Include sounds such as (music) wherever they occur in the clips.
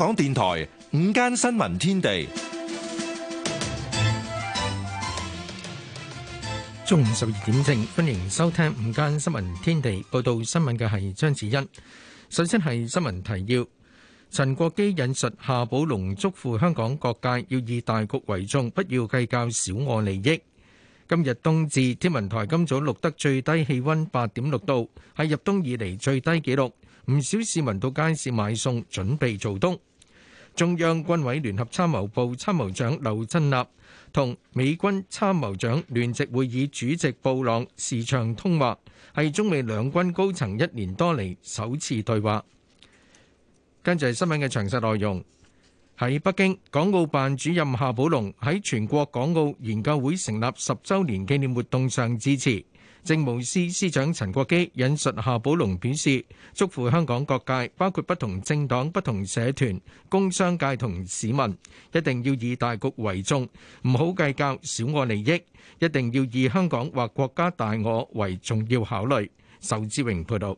香港電台午間新聞天地，中午十二點正，歡迎收聽午間新聞天地。報道新聞嘅係張子欣。首先係新聞提要：陳國基引述夏寶龍囑咐香港各界要以大局為重，不要計較小我利益。今日冬至，天文台今早錄得最低氣溫八點六度，係入冬以嚟最低紀錄。唔少市民到街市買餸，準備做冬。中央軍委聯合參謀部參謀長劉振立同美軍參謀長聯席會議主席布朗視像通話，係中美兩軍高層一年多嚟首次對話。跟住係新聞嘅詳細內容。喺北京，港澳辦主任夏寶龍喺全國港澳研究會成立十週年紀念活動上致辭。政務司司長陳國基引述夏寶龍表示，祝福香港各界，包括不同政黨、不同社團、工商界同市民，一定要以大局為重，唔好計較小我利益，一定要以香港或國家大我為重要考慮。仇志榮報道。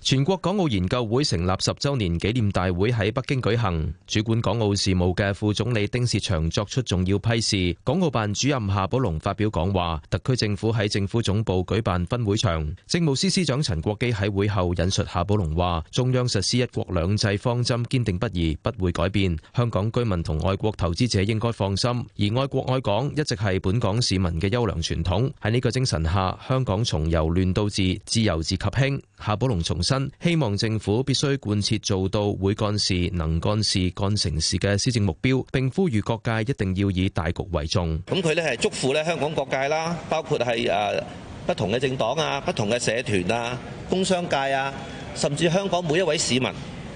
全國港澳研究會成立，十周年紀念大會喺北京舉行，主管港澳事務嘅副總理丁薛祥作出重要批示，港澳辦主任夏寶龍發表講話。特區政府喺政府總部舉辦分會場，政務司司長陳國基喺會後引述夏寶龍話，中央實施一國兩制方針堅定不移，不會改變，香港居民同外國投資者應該放心，而愛國愛港一直係本港市民嘅優良傳統。喺呢個精神下，香港從由亂到治，自由至及興夏寶龍從希望政府必須貫徹做到會幹事、能幹事、幹成事嘅施政目標，並呼籲各界一定要以大局為重。咁佢咧係祝福咧香港各界啦，包括係誒不同嘅政黨啊、不同嘅社團啊、工商界啊，甚至香港每一位市民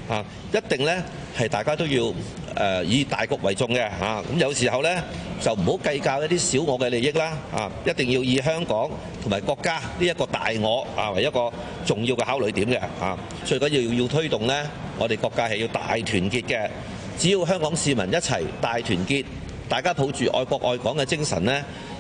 啊，一定呢係大家都要，呃、以大局為重嘅嚇，咁、啊、有時候呢就唔好計較一啲小我嘅利益啦嚇、啊，一定要以香港同埋國家呢一個大我啊為一個重要嘅考慮點嘅啊，最緊要要推動呢，我哋國家係要大團結嘅，只要香港市民一齊大團結，大家抱住愛國愛港嘅精神呢。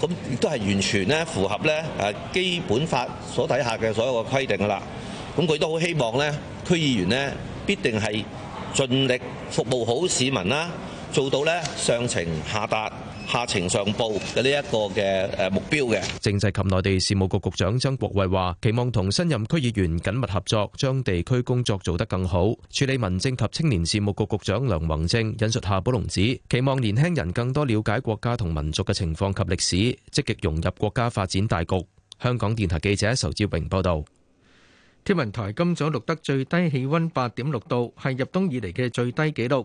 咁亦都係完全咧符合咧誒基本法所底下嘅所有嘅規定㗎啦。咁佢都好希望咧區議員，呢必定係盡力服務好市民啦，做到咧上情下達。下情上報嘅呢一個嘅誒目標嘅。政制及內地事務局局長曾國衞話：期望同新任區議員緊密合作，將地區工作做得更好。處理民政及青年事務局局長梁宏正引述夏寶龍指：期望年輕人更多了解國家同民族嘅情況及歷史，積極融入國家發展大局。香港電台記者仇志榮報導。天文台今早錄得最低氣温八點六度，係入冬以嚟嘅最低紀錄。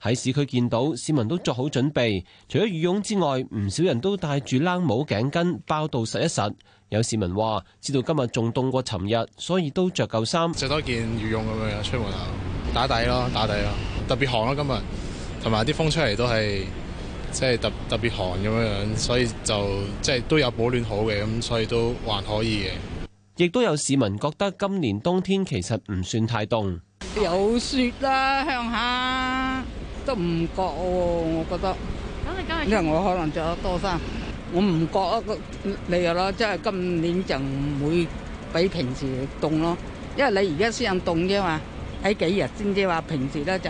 喺市區見到市民都做好準備，除咗羽絨之外，唔少人都戴住冷帽、頸巾，包到實一實。有市民話，知道今日仲凍過尋日，所以都着夠衫，着多件羽絨咁樣樣出門口打底，打底咯打底咯特別寒咯、啊、今日，同埋啲風出嚟都係即係特特別寒咁樣樣，所以就即係都有保暖好嘅，咁所以都還可以嘅。亦都有市民覺得今年冬天其實唔算太凍，有雪啦、啊、鄉下。都唔覺喎，我覺得，因為我可能着得多衫，我唔覺一個你啦，即係今年就唔會比平時凍咯。因為你而家先凍啫嘛，喺幾日先啫話平時咧就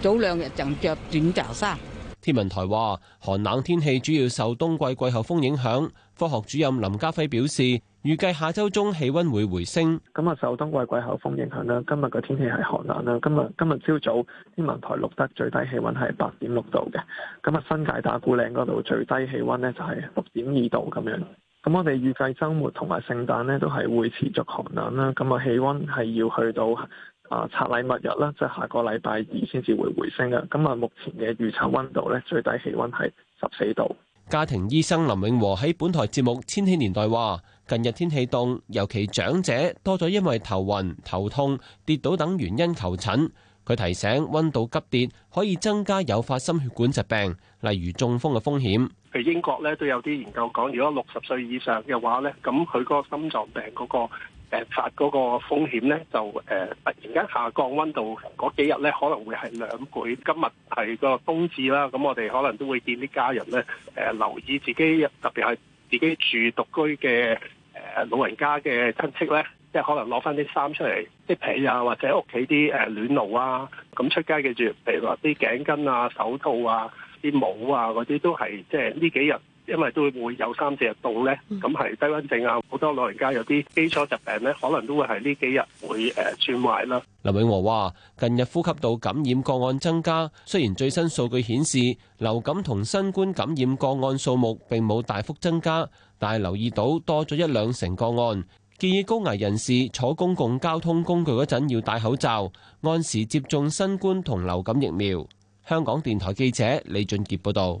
早兩日就着短袖衫。天文台話，寒冷天氣主要受冬季季候風影響。科學主任林家輝表示，預計下周中氣温會回升。今日受冬季季候風影響啦，今日個天氣係寒冷啦。今日今日朝早天文台錄得最低氣温係八點六度嘅。今日新界打鼓嶺嗰度最低氣温咧就係六點二度咁樣。咁我哋預計周末同埋聖誕咧都係會持續寒冷啦。咁啊氣温係要去到。啊！拆禮物日啦，即係下個禮拜二先至會回升啊！咁啊，目前嘅預測溫度呢，最低氣溫係十四度。家庭醫生林永和喺本台節目《千禧年代》話：近日天氣凍，尤其長者多咗，因為頭暈、頭痛、跌倒等原因求診。佢提醒：溫度急跌可以增加誘發心血管疾病，例如中風嘅風險。譬如英國呢，都有啲研究講，如果六十歲以上嘅話呢，咁佢嗰個心臟病嗰個。誒發嗰個風險咧，就誒、呃、突然間下降溫度嗰幾日咧，可能會係兩倍。今日係個冬至啦，咁我哋可能都會見啲家人咧，誒、呃、留意自己，特別係自己住獨居嘅誒、呃、老人家嘅親戚咧，即係可能攞翻啲衫出嚟，即被啊，或者屋企啲誒暖爐啊，咁出街嘅住，譬如話啲頸巾啊、手套啊、啲帽啊嗰啲，都係即係呢幾日。因為都會有三四日到呢，咁係低溫症啊！好多老人家有啲基礎疾病呢，可能都會係呢幾日會誒轉壞啦。林永和話：近日呼吸道感染個案增加，雖然最新數據顯示流感同新冠感染個案數目並冇大幅增加，但係留意到多咗一兩成個案，建議高危人士坐公共交通工具嗰陣要戴口罩，按時接種新冠同流感疫苗。香港電台記者李俊傑報道。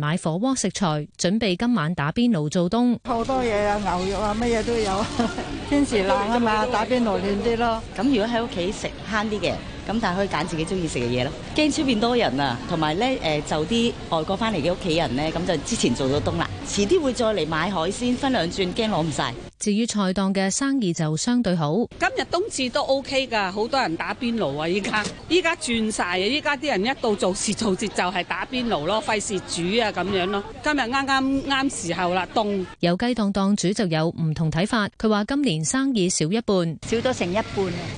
買火鍋食材，準備今晚打邊爐做冬。好多嘢啊，牛肉啊，乜嘢都有。 (laughs) 天時冷啊嘛，打邊爐暖啲咯。咁 (laughs) 如果喺屋企食慳啲嘅，咁但係可以揀自己中意食嘅嘢咯。驚出面多人啊，同埋咧誒，就啲外國翻嚟嘅屋企人咧，咁就之前做咗冬啦。遲啲會再嚟買海鮮，分兩轉，驚攞唔晒。至於菜檔嘅生意就相對好，今日冬至都 OK 㗎，好多人打邊爐啊！依家依家轉晒啊，依家啲人一到做事做節就係打邊爐咯、啊，費事煮啊咁樣咯、啊。今日啱啱啱時候啦，凍。有雞檔檔主就有唔同睇法，佢話今年生意少一半，少咗成一半。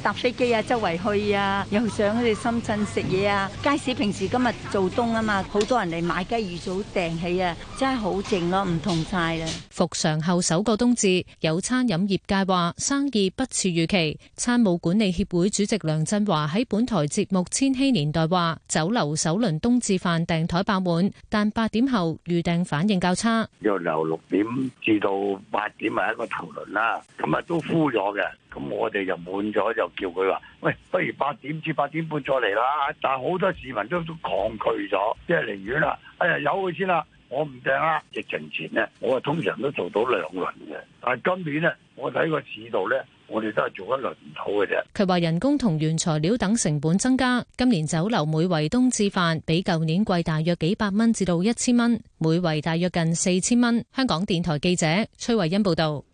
搭飛機啊，周圍去啊，又上去深圳食嘢啊。街市平時今日做冬啊嘛，好多人嚟買雞魚早訂起啊，真係好靜咯、啊，唔同晒啦、啊。復常後首個冬至有餐飲業界話生意不似預期，餐務管理協會主席梁振華喺本台節目《千禧年代》話，酒樓首輪冬至飯訂枱爆滿，但八點後預訂反應較差。由六點至到八點係一個頭輪啦，咁啊都呼咗嘅，咁我哋就滿咗就叫佢話，喂，不如八點至八點半再嚟啦。但係好多市民都都抗拒咗，即係寧願啦，哎呀，由佢先啦。我唔掟啊！疫情前呢，我啊通常都做到兩輪嘅，但係今年呢，我睇個市道呢，我哋都係做一輪唔好嘅啫。佢話人工同原材料等成本增加，今年酒樓每圍冬至飯比舊年貴大約幾百蚊至到一千蚊，每圍大約近四千蚊。香港電台記者崔慧欣報道。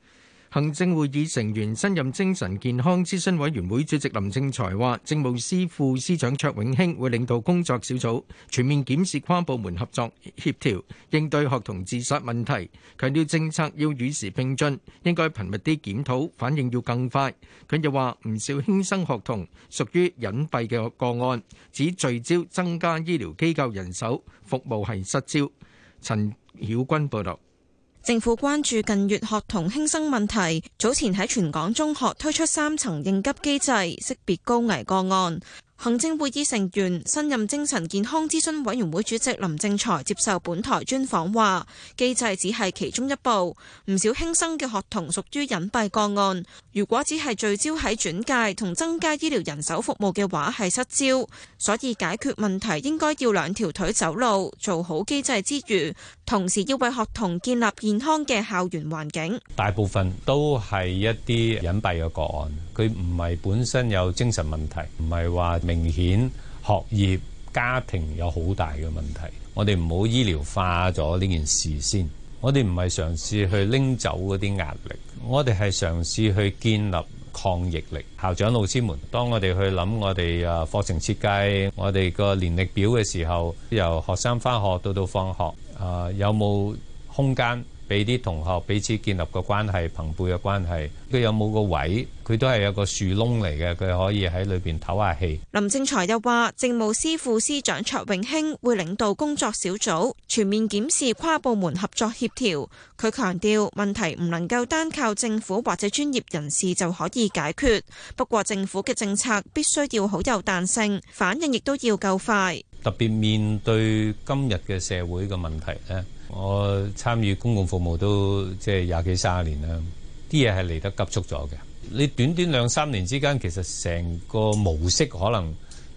行政會議成員新任精神健康諮詢委員會主席林正才話，政務司副司長卓永興會領導工作小組全面檢視跨部門合作協調，應對學童自殺問題。強調政策要與時並進，應該頻密啲檢討，反應要更快。佢又話：唔少輕生學童屬於隱蔽嘅個案，只聚焦增加醫療機構人手服務係失焦。陳曉君報導。政府關注近月學童輕生問題，早前喺全港中學推出三層應急機制，識別高危個案。行政會議成員、新任精神健康諮詢委員會主席林正財接受本台專訪話：機制只係其中一步，唔少輕生嘅學童屬於隱蔽個案。如果只係聚焦喺轉介同增加醫療人手服務嘅話，係失焦。所以解決問題應該要兩條腿走路，做好機制之餘，同時要為學童建立健康嘅校園環境。大部分都係一啲隱蔽嘅個案。佢唔係本身有精神問題，唔係話明顯學業家庭有好大嘅問題，我哋唔好醫療化咗呢件事先。我哋唔係嘗試去拎走嗰啲壓力，我哋係嘗試去建立抗逆力。校長老師們當我哋去諗我哋啊課程設計，我哋個年歷表嘅時候，由學生翻學到到放學啊有冇空間。俾啲同學彼此建立個關係，朋輩嘅關係，佢有冇個位，佢都係有個樹窿嚟嘅，佢可以喺裏邊唞下氣。林正財又話，政務司副司長卓永興會領導工作小組全面檢視跨部門合作協調。佢強調問題唔能夠單靠政府或者專業人士就可以解決。不過政府嘅政策必須要好有彈性，反應亦都要夠快。特別面對今日嘅社會嘅問題咧。我參與公共服務都即係廿幾三廿年啦，啲嘢係嚟得急促咗嘅。你短短兩三年之間，其實成個模式可能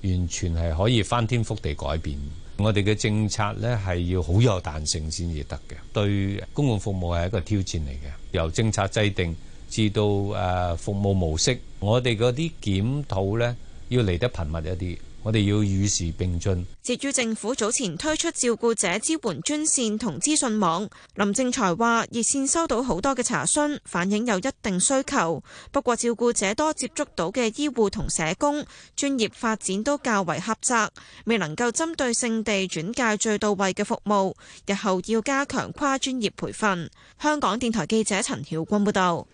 完全係可以翻天覆地改變。我哋嘅政策呢係要好有彈性先至得嘅，對公共服務係一個挑戰嚟嘅。由政策制定至到誒服務模式，我哋嗰啲檢討呢要嚟得頻密一啲。我哋要與時並進，接住政府早前推出照顧者支援專線同資訊網，林正財話熱線收到好多嘅查詢，反映有一定需求。不過照顧者多接觸到嘅醫護同社工專業發展都較為狹窄，未能夠針對性地轉介最到位嘅服務，日後要加強跨專業培訓。香港電台記者陳曉君報道。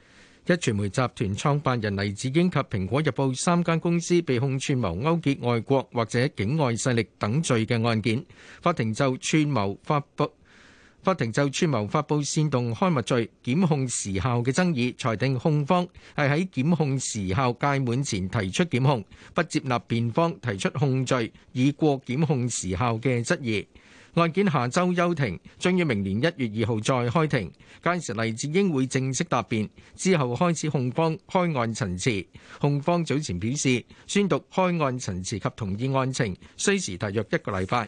一壹傳媒集團創辦人黎智英及蘋果日報三間公司被控串謀勾結外國或者境外勢力等罪嘅案件，法庭就串謀發佈法庭就串謀發佈煽動刊物罪檢控時效嘅爭議，裁定控方係喺檢控時效屆滿前提出檢控，不接納辯方提出控罪已過檢控時效嘅質疑。案件下周休庭，將於明年一月二號再開庭。屆時黎智英會正式答辯，之後開始控方開案陳詞，控方早前表示，宣讀開案陳詞及同意案情需時大約一個禮拜。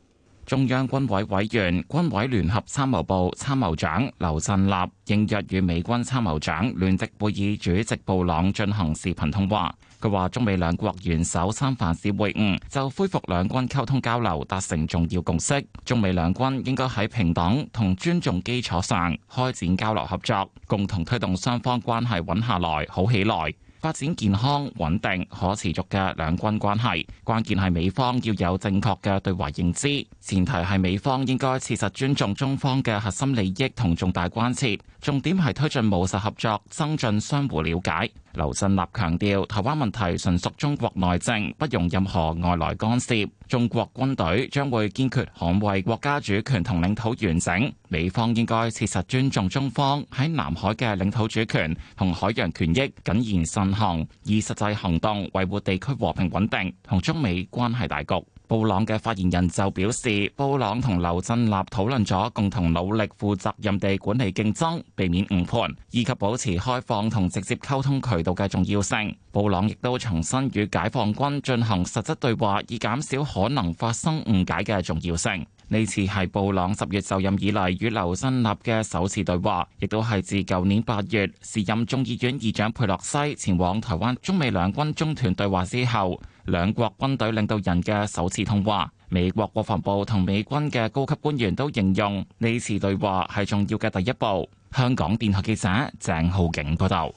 中央軍委委員、軍委聯合參謀部參謀長劉振立應約與美軍參謀長聯席會議主席布朗進行視頻通話。佢話中美兩國元首三藩市會晤就恢復兩軍溝通交流達成重要共識。中美兩軍應該喺平等同尊重基礎上開展交流合作，共同推動雙方關係穩下來、好起來。發展健康、穩定、可持續嘅兩軍關係，關鍵係美方要有正確嘅對華認知，前提係美方應該切實尊重中方嘅核心利益同重大關切，重點係推進務實合作，增進相互了解。劉振立強調，台灣問題純屬中國內政，不容任何外來干涉。中國軍隊將會堅決捍衛國家主權同領土完整。美方應該切實尊重中方喺南海嘅領土主權同海洋權益，謹言慎行，以實際行動維護地區和平穩定同中美關係大局。布朗嘅發言人就表示，布朗同劉振立討論咗共同努力、負責任地管理競爭、避免誤判，以及保持開放同直接溝通渠道嘅重要性。布朗亦都重申與解放軍進行實質對話，以減少可能發生誤解嘅重要性。呢次係布朗十月就任以嚟與劉振立嘅首次對話，亦都係自舊年八月時任眾議院議長佩洛西前往台灣，中美兩軍中斷對話之後，兩國軍隊領導人嘅首次通話。美國國防部同美軍嘅高級官員都形容呢次對話係重要嘅第一步。香港電台記者鄭浩景報道。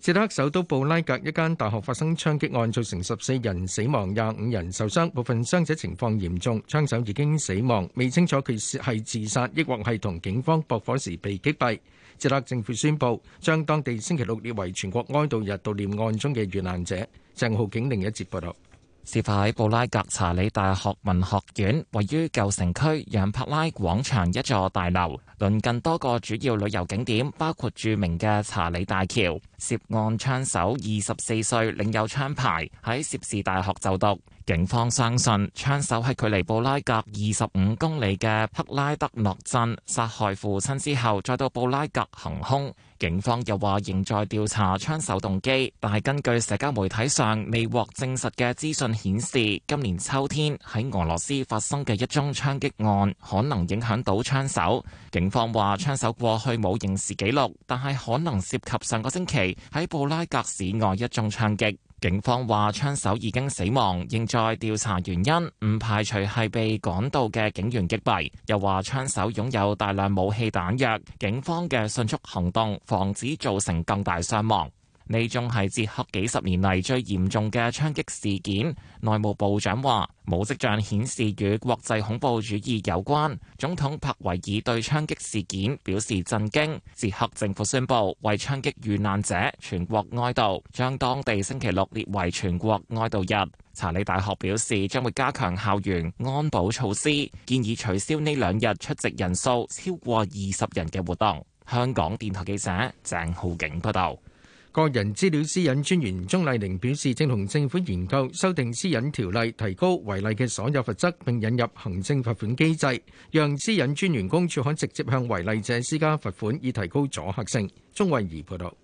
捷克首都布拉格一間大學發生槍擊案，造成十四人死亡，廿五人受傷，部分傷者情況嚴重，槍手已經死亡，未清楚佢係自殺，抑或係同警方駁火時被擊斃。捷克政府宣布將當地星期六列為全國哀悼日，悼念案中嘅遇難者。鄭浩景另一節報道。事發喺布拉格查理大學文學院，位於舊城區揚帕拉廣場一座大樓。鄰近多個主要旅遊景點，包括著名嘅查理大橋。涉案槍手二十四歲，領有槍牌，喺涉事大學就讀。警方相信槍手喺距離布拉格二十五公里嘅克拉德諾鎮殺害父親之後，再到布拉格行凶。警方又話仍在調查槍手動機，但係根據社交媒體上未獲證實嘅資訊顯示，今年秋天喺俄羅斯發生嘅一宗槍擊案可能影響到槍手。警警方話槍手過去冇刑事記錄，但係可能涉及上個星期喺布拉格市外一宗槍擊。警方話槍手已經死亡，仍在調查原因，唔排除係被趕到嘅警員擊斃。又話槍手擁有大量武器彈藥。警方嘅迅速行動，防止造成更大傷亡。呢仲係捷克幾十年嚟最嚴重嘅槍擊事件。內務部長話冇跡象顯示與國際恐怖主義有關。總統柏維爾對槍擊事件表示震驚。捷克政府宣布為槍擊遇難者全國哀悼，將當地星期六列為全國哀悼日。查理大學表示將會加強校園安保措施，建議取消呢兩日出席人數超過二十人嘅活動。香港電台記者鄭浩景報道。個人資料私隱專員鍾麗玲表示，正同政府研究修訂私隱條例，提高違例嘅所有罰則，並引入行政罰款機制，讓私隱專員公署可直接向違例者施加罰款，以提高阻嚇性。鍾慧儀報導，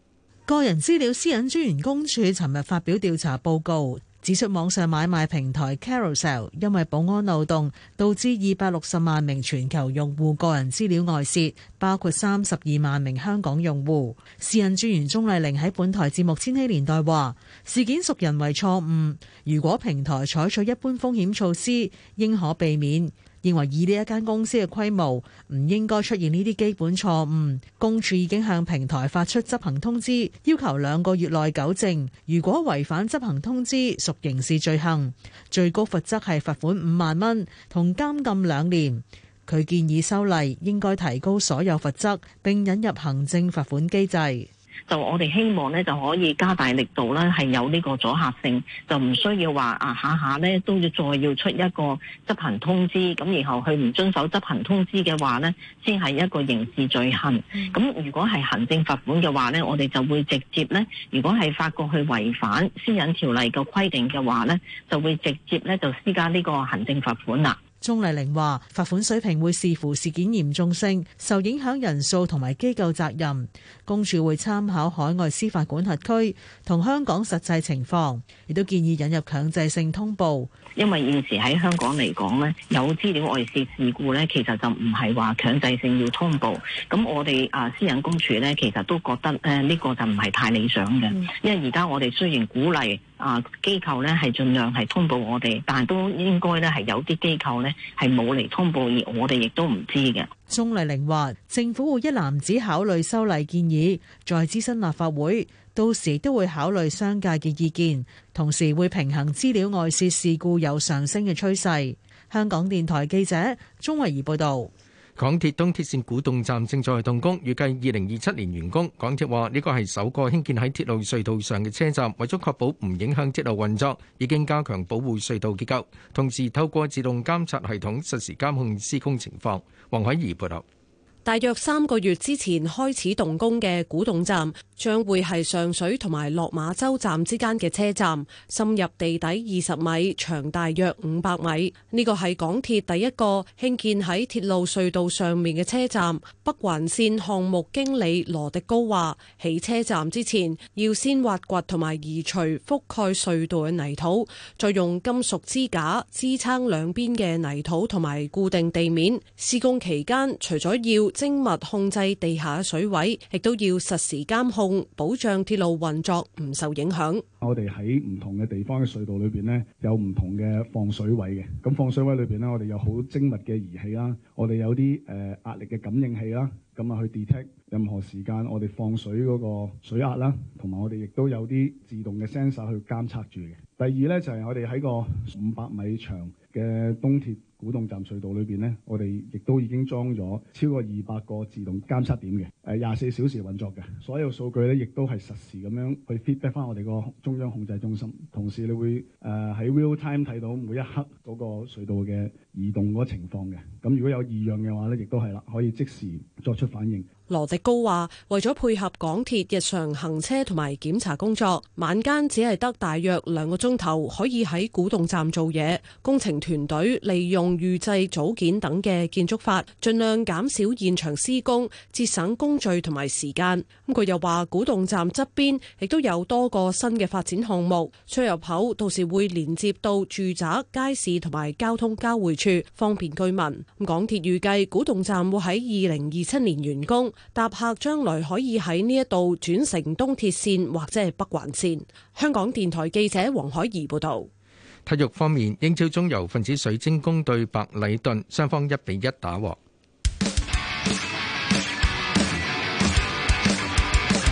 個人資料私隱專員公署尋日發表調查報告。指出網上買賣平台 Carousell 因為保安漏洞，導致二百六十萬名全球用戶個人資料外洩，包括三十二萬名香港用戶。私隱專員鍾麗玲喺本台節目《千禧年代》話：事件屬人為錯誤，如果平台採取一般風險措施，應可避免。認為以呢一間公司嘅規模，唔應該出現呢啲基本錯誤。公署已經向平台發出執行通知，要求兩個月內糾正。如果違反執行通知，屬刑事罪行，最高罰則係罰款五萬蚊同監禁兩年。佢建議修例應該提高所有罰則，並引入行政罰款機制。就我哋希望咧，就可以加大力度咧，係有呢個阻嚇性，就唔需要話啊下下咧都要再要出一個執行通知，咁然後，佢唔遵守執行通知嘅話咧，先係一個刑事罪行。咁如果係行政罰款嘅話咧，我哋就會直接咧，如果係發覺去違反私隱條例嘅規定嘅話咧，就會直接咧就施加呢個行政罰款啦。鍾麗玲話：罰款水平會視乎事件嚴重性、受影響人數同埋機構責任，公署會參考海外司法管轄區同香港實際情況，亦都建議引入強制性通報。因為現時喺香港嚟講咧，有資料外泄事故咧，其實就唔係話強制性要通報。咁我哋啊，私人公署咧，其實都覺得誒，呢個就唔係太理想嘅，因為而家我哋雖然鼓勵。啊！機構咧係盡量係通報我哋，但都應該咧係有啲機構咧係冇嚟通報，而我哋亦都唔知嘅。鍾麗玲話：政府會一攬子考慮修例建議，再諮詢立法會，到時都會考慮商界嘅意見，同時會平衡資料外泄事故有上升嘅趨勢。香港電台記者鍾慧儀報道。港鐵東鐵綫古洞站正在動工，預計二零二七年完工。港鐵話呢個係首個興建喺鐵路隧道上嘅車站，為咗確保唔影響鐵路運作，已經加強保護隧道結構，同時透過自動監察系統實時監控施工情況。黃海怡報道。大約三個月之前開始動工嘅古洞站，將會係上水同埋落馬洲站之間嘅車站，深入地底二十米，長大約五百米。呢個係港鐵第一個興建喺鐵路隧道上面嘅車站。北環綫項目經理羅迪高話，起車站之前要先挖掘同埋移除覆蓋隧道嘅泥土，再用金屬支架支撐兩邊嘅泥土同埋固定地面。施工期間，除咗要精密控制地下水位，亦都要實時監控，保障鐵路運作，唔受影響.我哋喺不同嘅地方嘅隧道裡邊咧，有唔同嘅放水位嘅。咁放水位裡邊咧，我哋有好精密嘅儀器啦，我哋有啲壓力嘅感應器啦，咁啊去 detect. 任何時間，我哋放水嗰個水壓啦，同埋我哋亦都有啲自動嘅 sensor 去監測住嘅。第二咧就係、是、我哋喺個五百米長嘅東鐵古洞站隧道裏邊咧，我哋亦都已經裝咗超過二百個自動監測點嘅，誒廿四小時運作嘅。所有數據咧亦都係實時咁樣去 feedback 翻我哋個中央控制中心。同時你會誒喺、呃、real time 睇到每一刻嗰個隧道嘅移動嗰個情況嘅。咁如果有異樣嘅話咧，亦都係啦，可以即時作出反應。羅迪高話：為咗配合港鐵日常行車同埋檢查工作，晚間只係得大約兩個鐘頭可以喺古洞站做嘢。工程團隊利用預製組件等嘅建築法，盡量減少現場施工，節省工序同埋時間。咁佢又話：古洞站側邊亦都有多個新嘅發展項目，出入口到時會連接到住宅、街市同埋交通交匯處，方便居民。港鐵預計古洞站會喺二零二七年完工。搭客將來可以喺呢一度轉乘東鐵線或者係北環線。香港電台記者黃海怡報道。體育方面，英超中游分子水晶宮對白禮頓，雙方一比一打和。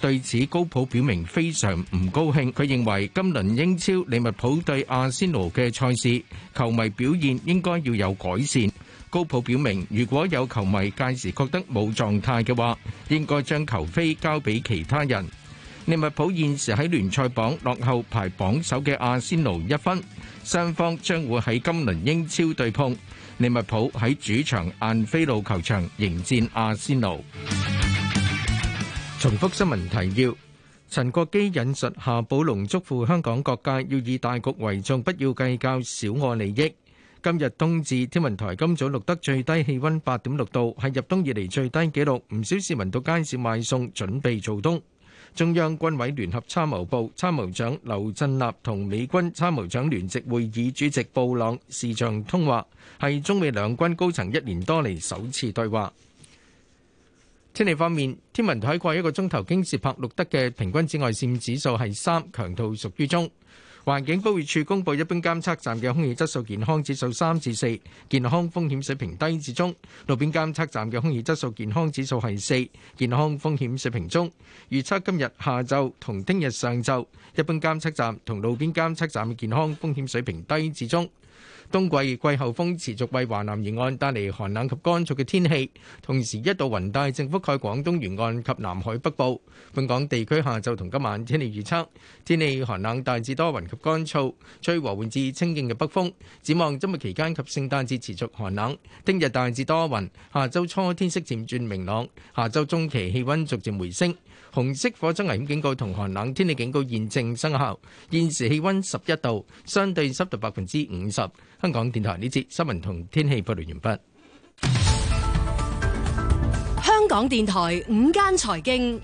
對此高普表明非常唔高興，佢認為今輪英超利物浦對阿仙奴嘅賽事，球迷表現應該要有改善。高普表明，如果有球迷屆時覺得冇狀態嘅話，應該將球飛交俾其他人。利物浦現時喺聯賽榜落後排榜首嘅阿仙奴一分，雙方將會喺今輪英超對碰。利物浦喺主場晏菲路球場迎戰阿仙奴。重複新聞提要：陳國基引述夏寶龍囑咐香港各界要以大局為重，不要計較小我利益。今日冬至，天文台今早錄得最低氣溫八點六度，係入冬以嚟最低紀錄。唔少市民到街市買餸，準備做冬。中央軍委聯合參謀部參謀長劉振立同美軍參謀長聯席會議主席布朗視像通話，係中美兩軍高層一年多嚟首次對話。天氣方面，天文台過去一個鐘頭京士柏錄得嘅平均紫外線指數係三，強度屬於中。環境保護署公布，一般監測站嘅空氣質素健康指數三至四，健康風險水平低至中；路邊監測站嘅空氣質素健康指數係四，健康風險水平中。預測今日下晝同聽日上晝，一般監測站同路邊監測站嘅健康風險水平低至中。冬季季候風持續為華南沿岸帶嚟寒冷及乾燥嘅天氣，同時一道雲帶正覆蓋廣東沿岸及南海北部。本港地區下晝同今晚天氣預測，天氣寒冷，大致多雲及乾燥，吹和緩至清勁嘅北風，展望週末期間及聖誕節持續寒冷，聽日大致多雲，下週初天色漸轉明朗，下週中期氣溫逐漸回升。紅色火災危險警告同寒冷天氣警告現正生效。現時氣溫十一度，相對濕度百分之五十。香港電台呢節新聞同天氣報道完畢。香港電台午間財經，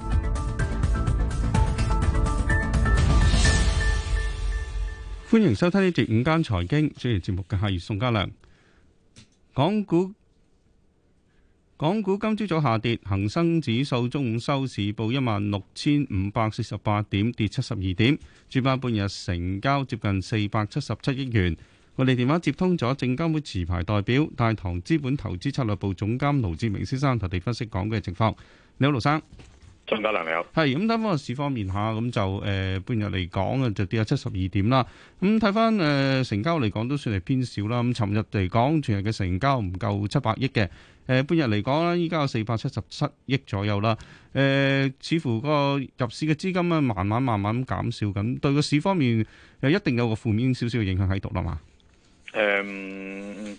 經歡迎收聽呢節午間財經。主持節目嘅係宋家良，港股。港股今朝早下跌，恒生指數中午收市報一萬六千五百四十八點，跌七十二點。主板半日成交接近四百七十七億元。我哋電話接通咗證監會持牌代表大唐資本投資策略部總監盧志明先生，特地分析講嘅情況。你好，盧生，陳家良你好。係咁，睇翻個市方面吓，咁就誒、呃，半日嚟講啊，就跌咗七十二點啦。咁睇翻誒，成交嚟講都算係偏少啦。咁尋日嚟講，全日嘅成交唔夠七百億嘅。誒半、呃、日嚟講啦，依家有四百七十七億左右啦。誒、呃，似乎個入市嘅資金咧，慢慢慢慢咁減少咁，對個市方面又一定有個負面少少嘅影響喺度啦嘛。誒、嗯，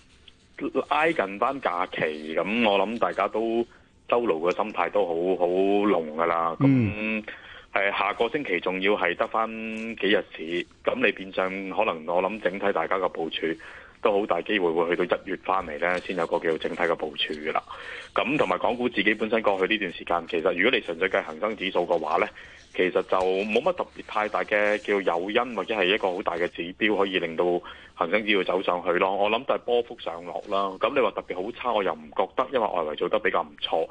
挨近單假期咁，我諗大家都周勞嘅心態都好好濃噶啦。咁係下個星期仲要係得翻幾日市，咁你變相可能我諗整體大家嘅部署。都好大機會會去到一月翻嚟呢，先有個叫整體嘅部署㗎啦。咁同埋港股自己本身過去呢段時間，其實如果你純粹計恒生指數嘅話呢，其實就冇乜特別太大嘅叫誘因或者係一個好大嘅指標可以令到恒生指數走上去咯。我諗都係波幅上落啦。咁你話特別好差，我又唔覺得，因為外圍做得比較唔錯。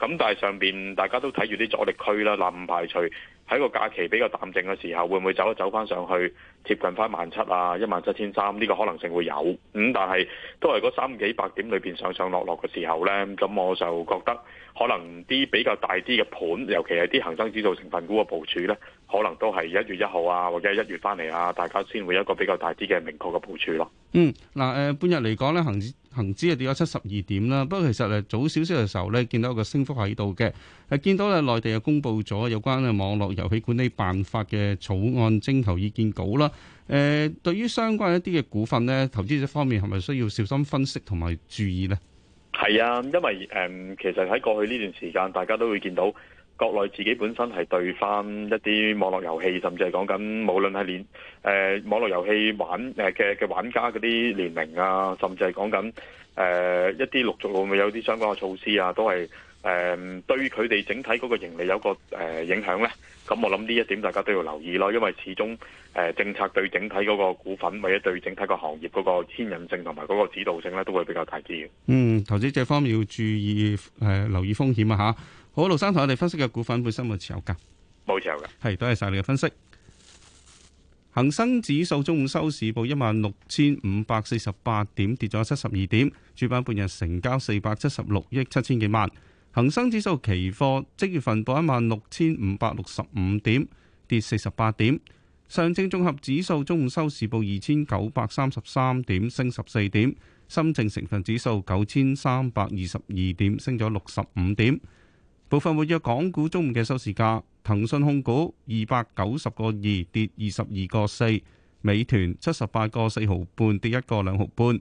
咁但係上邊大家都睇住啲阻力區啦，嗱唔排除喺個假期比較淡靜嘅時候，會唔會走一走翻上去，接近翻萬七啊、一萬七千三，呢個可能性會有。咁、嗯、但係都係嗰三幾百點裏邊上上落落嘅時候呢，咁我就覺得可能啲比較大啲嘅盤，尤其係啲恒生指數成分股嘅部署呢，可能都係一月一號啊，或者係一月翻嚟啊，大家先會有一個比較大啲嘅明確嘅部署咯。嗯，嗱、呃、誒，半日嚟講呢。恒指啊跌咗七十二點啦，不過其實誒早少少嘅時候咧，見到個升幅喺度嘅，係見到咧內地又公布咗有關嘅網絡遊戲管理辦法嘅草案徵求意見稿啦。誒、呃，對於相關一啲嘅股份呢，投資者方面係咪需要小心分析同埋注意呢？係啊，因為誒、嗯、其實喺過去呢段時間，大家都會見到。國內自己本身係對翻一啲網絡遊戲，甚至係講緊無論係連誒、呃、網絡遊戲玩誒嘅嘅玩家嗰啲年齡啊，甚至係講緊誒一啲陸續會唔會有啲相關嘅措施啊，都係誒、呃、對佢哋整體嗰個盈利有個誒、呃、影響咧。咁我諗呢一點大家都要留意咯，因為始終誒、呃、政策對整體嗰個股份，或者對整體個行業嗰個牽引性同埋嗰個指導性咧，都會比較大啲嘅。嗯，投資者方面要注意誒、呃、留意風險啊嚇。好，陸生同我哋分析嘅股份本身有持有噶，冇持有噶係，多謝晒你嘅分析。恒生指數中午收市報一萬六千五百四十八點，跌咗七十二點。主板半日成交四百七十六億七千幾萬。恒生指數期貨即月份報一萬六千五百六十五點，跌四十八點。上證綜合指數中午收市報二千九百三十三點，升十四點。深證成分指數九千三百二十二點，升咗六十五點。部分活躍港股中午嘅收市價：騰訊控股二百九十個二跌二十二個四，美團七十八個四毫半跌一個兩毫半，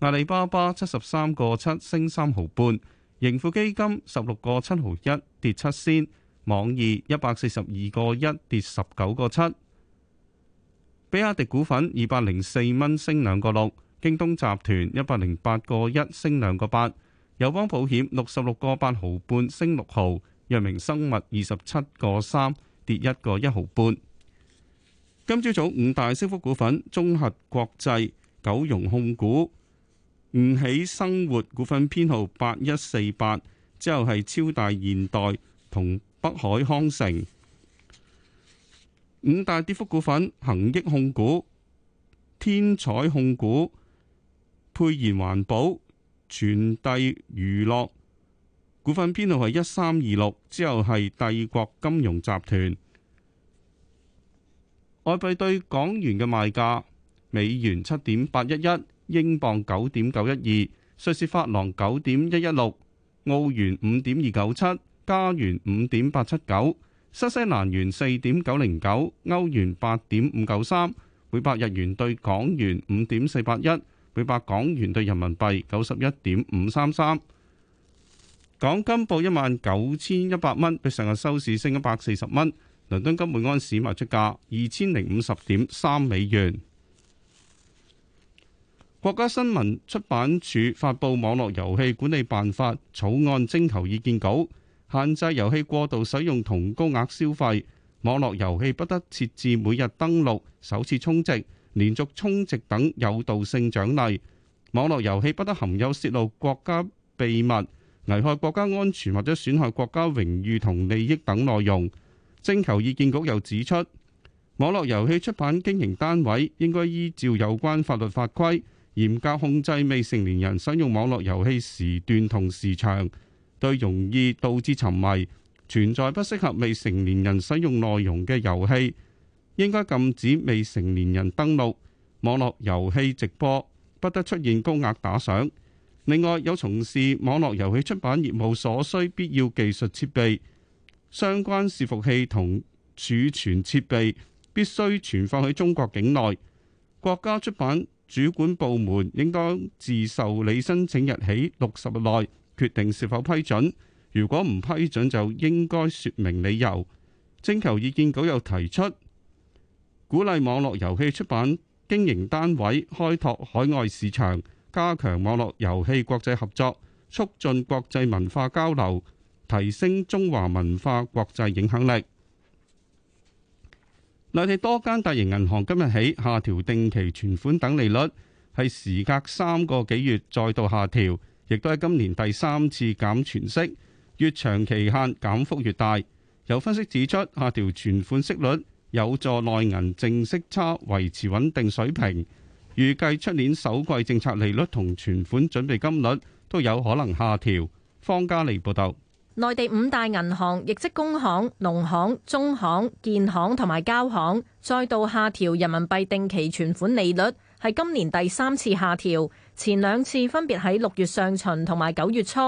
阿里巴巴七十三個七升三毫半，盈富基金十六個七毫一跌七仙，網易一百四十二個一跌十九個七，比亞迪股份二百零四蚊升兩個六，京東集團一百零八個一升兩個八。友邦保險六十六個八毫半升六毫，藥明生物二十七個三跌一個一毫半。今朝早五大升幅股份：中核國際、九融控股、吳起生活股份編號八一四八，之後係超大現代同北海康城。五大跌幅股份：恒益控股、天彩控股、沛然環保。傳遞娛樂股份編號係一三二六，之後係帝國金融集團。外幣對港元嘅賣價：美元七點八一一，英鎊九點九一二，瑞士法郎九點一一六，澳元五點二九七，加元五點八七九，新西蘭元四點九零九，歐元八點五九三，每百日元對港元五點四八一。每百港元兌人民幣九十一點五三三，港金報一萬九千一百蚊，比上日收市升一百四十蚊。倫敦金每安士賣出價二千零五十點三美元。國家新聞出版署發布網絡遊戲管理辦法草案徵求意見稿，限制遊戲過度使用同高額消費，網絡遊戲不得設置每日登錄、首次充值。連續充值等有道性獎勵，網絡遊戲不得含有泄露國家秘密、危害國家安全或者損害國家榮譽同利益等內容。徵求意見局又指出，網絡遊戲出版經營單位應該依照有關法律法規，嚴格控制未成年人使用網絡遊戲時段同時長，對容易導致沉迷、存在不適合未成年人使用內容嘅遊戲，應該禁止未成年人登錄網絡遊戲直播，不得出現高額打賞。另外，有從事網絡遊戲出版業務所需必要技術設備、相關伺服器同儲存設備，必須存放喺中國境內。國家出版主管部門應當自受理申請日起六十日內決定是否批准。如果唔批准，就應該說明理由。徵求意見稿又提出。鼓勵網絡遊戲出版經營單位開拓海外市場，加強網絡遊戲國際合作，促進國際文化交流，提升中華文化國際影響力。內地多間大型銀行今日起下調定期存款等利率，係時隔三個幾月再度下調，亦都係今年第三次減存息，越長期限減幅越大。有分析指出，下調存款息率，有助內銀淨息差維持穩定水平，預計出年首季政策利率同存款準備金率都有可能下調。方家莉報道，內地五大銀行，亦即工行、農行、中行、建行同埋交行，再度下調人民幣定期存款利率，係今年第三次下調，前兩次分別喺六月上旬同埋九月初。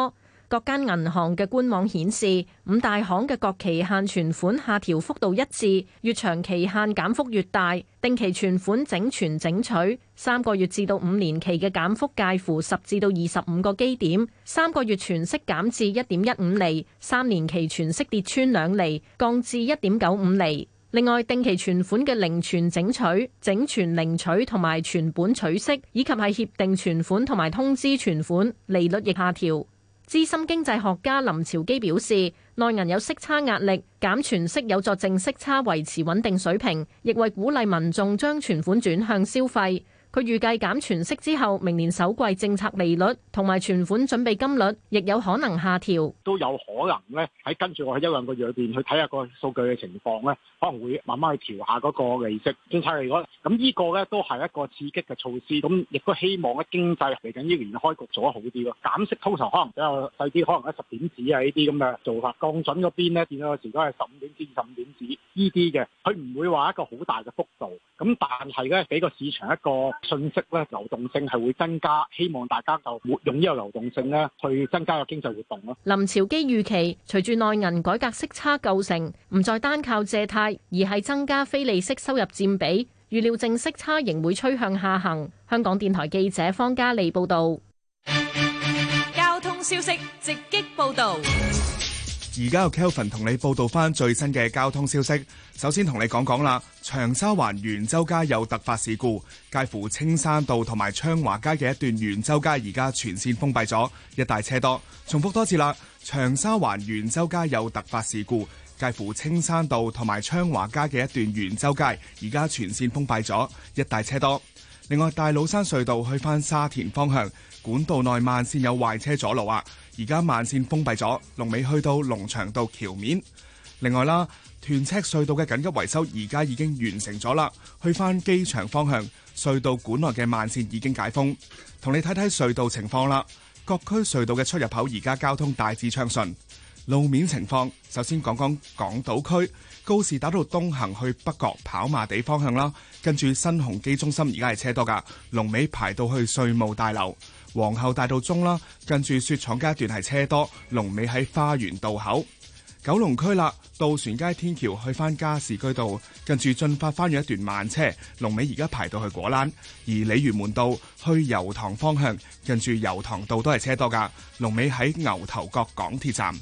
各間銀行嘅官網顯示，五大行嘅各期限存款下調幅度一致，越長期限減幅越大。定期存款整存整取三個月至到五年期嘅減幅介乎十至到二十五個基點，三個月存息減至一點一五厘，三年期存息跌穿兩厘，降至一點九五厘。另外，定期存款嘅零存整取、整存零取同埋存本取息，以及係協定存款同埋通知存款利率亦下調。資深經濟學家林朝基表示，內銀有息差壓力，減存息有助淨息差維持穩定水平，亦為鼓勵民眾將存款轉向消費。佢預計減存息之後，明年首季政策利率同埋存款準備金率亦有可能下調，都有可能咧，喺跟住我喺一兩個月裏邊去睇下個數據嘅情況咧，可能會慢慢去調下嗰個利息政策嚟講。咁呢個咧都係一個刺激嘅措施，咁亦都希望喺經濟嚟緊呢年嘅開局做得好啲咯。減息通常可能比較細啲，可能一十點子啊呢啲咁嘅做法，降準嗰邊咧變咗有時都係十五點至二十五點子呢啲嘅，佢唔會話一個好大嘅幅度。咁但係咧俾個市場一個信息咧，流動性係會增加，希望大家就活用呢個流動性呢，去增加個經濟活動咯。林朝基預期，隨住內銀改革息差構成，唔再單靠借貸，而係增加非利息收入佔比，預料正息差仍會趨向下行。香港電台記者方嘉利報道。交通消息，直擊報道。而家有 Kelvin 同你報道返最新嘅交通消息。首先同你講講啦，長沙灣元州街有突發事故，介乎青山道同埋昌華街嘅一段元州街，而家全線封閉咗，一帶車多。重複多次啦，長沙灣元州街有突發事故，介乎青山道同埋昌華街嘅一段元州街，而家全線封閉咗，一帶車多。另外，大老山隧道去翻沙田方向，管道內慢線有壞車阻路啊！而家慢線封閉咗，龍尾去到龍翔道橋面。另外啦，屯赤隧道嘅緊急維修而家已經完成咗啦，去翻機場方向隧道管內嘅慢線已經解封。同你睇睇隧道情況啦，各區隧道嘅出入口而家交通大致暢順。路面情況，首先講講港島區。高士打道東行去北角跑馬地方向啦，跟住新鴻基中心而家係車多噶，龍尾排到去稅務大樓皇后大道中啦，跟住雪廠街一段係車多，龍尾喺花園道口。九龍區啦，渡船街天橋去翻加士居道，跟住進發翻咗一段慢車，龍尾而家排到去果欄。而鯉魚門道去油塘方向，跟住油塘道都係車多噶，龍尾喺牛頭角港鐵站。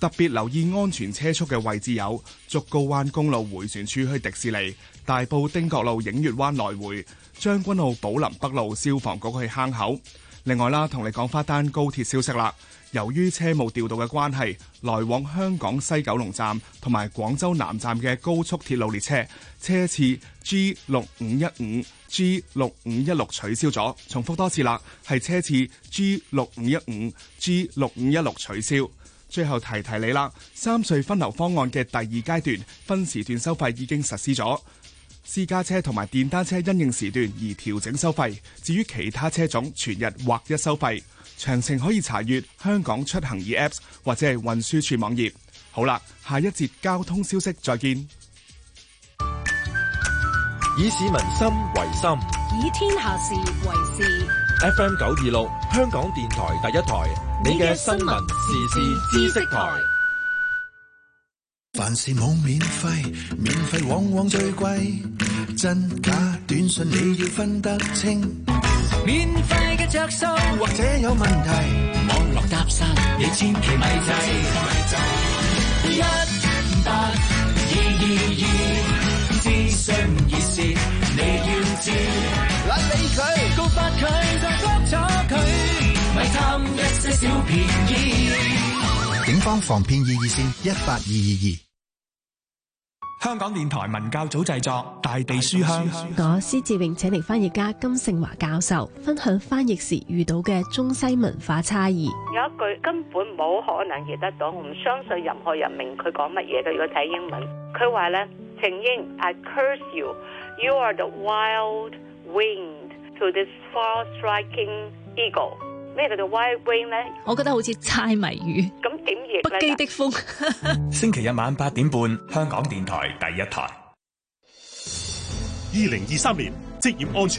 特別留意安全車速嘅位置有：竹篙灣公路回旋處去迪士尼、大埔汀角路映月灣來回、將軍澳寶林北路消防局去坑口。另外啦，同你講翻單高鐵消息啦。由於車務調度嘅關係，來往香港西九龍站同埋廣州南站嘅高速鐵路列車車次 G 六五一五、G 六五一六取消咗。重複多次啦，係車次 G 六五一五、G 六五一六取消。最後提提你啦，三隧分流方案嘅第二階段分時段收費已經實施咗，私家車同埋電單車因應時段而調整收費，至於其他車種全日劃一收費，詳情可以查閱香港出行易 Apps 或者係運輸署網頁。好啦，下一節交通消息再見，以市民心為心，以天下事為事，FM 九二六香港電台第一台。你嘅新聞時事知識台，凡事冇免費，免費往往最貴。真假短信你要分得清，免費嘅着數或者有問題。網絡搭訕你千祈咪制，咪制，一八二二二資訊熱線你要知，懶理佢告發佢。警方防騙熱線一八二二二。香港電台文教組製作，大地書香。我，施志永請嚟翻譯家金聖華教授，分享翻譯時遇到嘅中西文化差異。有一句根本冇可能譯得到，我唔相信任何人明佢講乜嘢。都要睇英文，佢話咧：程英，I curse you. You are the wild wind to this far striking eagle. 咩叫做 Wide Wing 咧？我覺得好似猜謎語。咁點熱？樣樣不羈濟的風 (laughs) 。星期日晚八點半，香港電台第一台。二零二三年職業安全。